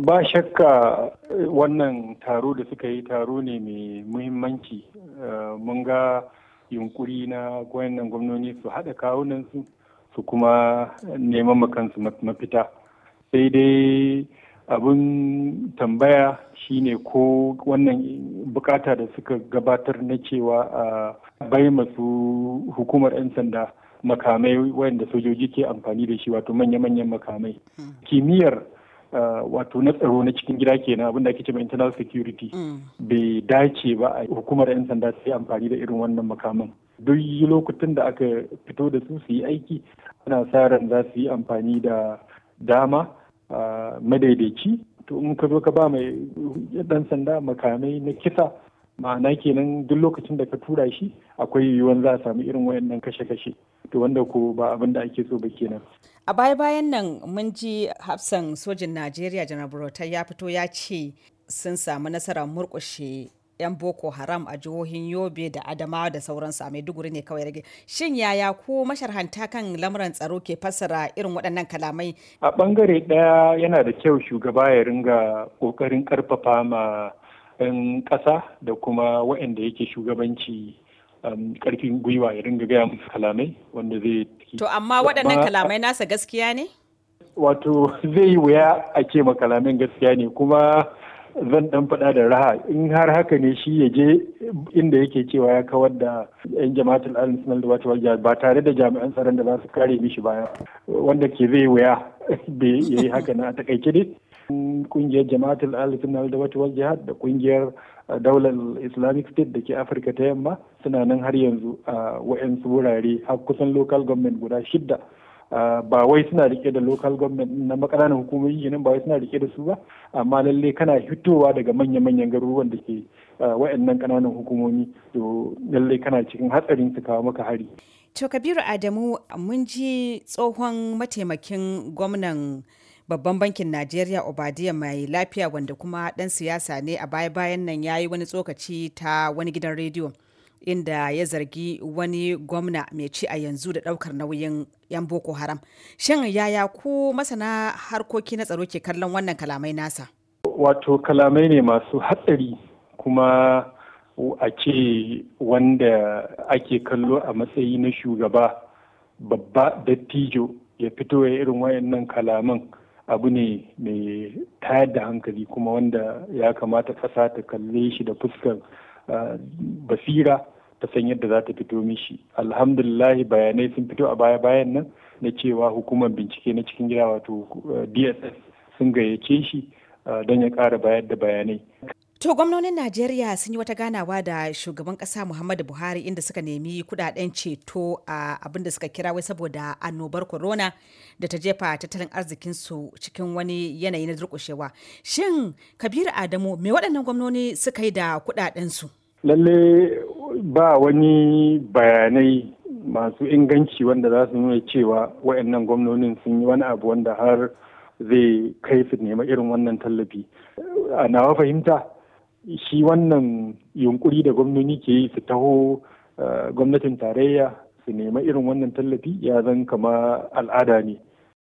ba shakka wannan taro da suka yi taro ne mai muhimmanci eh, mun ga yunkuri na nan gwamnoni su haɗa kawunansu su kuma neman makansu mafita sai dai abin tambaya shine ko wannan bukata da suka gabatar na cewa a bai masu hukumar 'yan sanda makamai wayanda sojoji ke amfani da shi wato manya-manyan makamai hmm. kimiyyar Eh, wato na tsaro na cikin gida kenan abin da ake cewa internal security mm. bai dace ba a hukumar 'yan sanda su yi amfani da irin wannan makaman duk lokutan da aka fito da su su yi aiki ana sa ran za su yi amfani da dama eh, madaidaici to in ka zo ka ba mai dan sanda makamai na kisa ma'ana kenan duk lokacin da ka tura shi akwai yiwuwan za a samu irin wayannan kashe-kashe to wanda ko ba abin da ake so ba kenan a baya bayan nan mun ji hafsan sojin najeriya janar burota ya fito ya ce sun samu nasarar murkushe 'yan boko haram a jihohin yobe da adamawa da sauransu a maiduguri ne kawai rage shin yaya ko masharhanta kan lamuran tsaro ke fassara irin waɗannan kalamai a bangare ɗaya yana da kyau shugaba ya ringa ƙoƙarin ƙarfafa ma 'yan ƙasa da kuma waɗanda yake shugabanci karfin um, gwiwa ya ringa gaya musu kalamai wanda zai to amma waɗannan kalamai nasa gaskiya ne wato zai yi wuya a ce makalamin gaskiya ne kuma zan dan faɗa da raha in har haka ne shi ya je inda yake cewa ya kawar da yan jama'atul al-sunnah wal ba tare da jami'an tsaron da za su kare mishi baya wanda ke zai wuya bai yi haka na a takaice ne. kungiyar jama'atul alifin na da wal jihad da kungiyar uh, daular islamic state da ke afirka ta yamma suna nan har yanzu a wa'ansu wurare har kusan local government guda shidda uh, ba wai suna rike da local government na makananan hukumomi ginin ba wai suna rike da su ba amma lalle kana hitowa daga manya-manyan garuruwan da ke uh, wa'annan kananan hukumomi to lalle kana cikin hatsarin su kawo maka hari to kabiru adamu mun ji tsohon mataimakin gwamnan babban bankin najeriya obadiya mai lafiya wanda kuma dan siyasa ne a baya-bayan nan ya yi wani tsokaci ta wani gidan rediyo inda ya zargi wani gwamna mai ci a yanzu da daukar nauyin yan boko haram shin yaya ku masana harkoki na tsaro ke kallon wannan kalamai nasa wato kalamai ne masu hatsari kuma a ce wanda ake kallo a matsayi na shugaba babba dattijo ya fito ya irin wayannan kalaman abu ne mai tayar da hankali kuma wanda ya kamata ƙasa ta kalle shi da fuskar basira ta san yadda za ta fito mishi alhamdulillahi bayanai sun fito a baya-bayan nan na cewa hukumar bincike na cikin gida wato dss sun gayyace shi don ya ƙara bayar da bayanai To gwamnonin Najeriya sun yi wata ganawa da shugaban kasa Muhammadu Buhari inda suka nemi kudaden ceto a abin da suka kira wai saboda annobar corona da ta jefa tattalin arzikinsu cikin wani yanayi na durkushewa. Shin Kabiru Adamu me waɗannan gwamnoni suka yi da kudadensu? Lalle ba wani bayanai masu inganci wanda za su nuna cewa waɗannan gwamnonin sun yi wani abu wanda har zai kai su nema irin wannan tallafi. A nawa fahimta shi wannan yunkuri da gwamnoni ke yi su taho eh, gwamnatin tarayya su nema irin wannan tallafi ya zan kama al'ada ne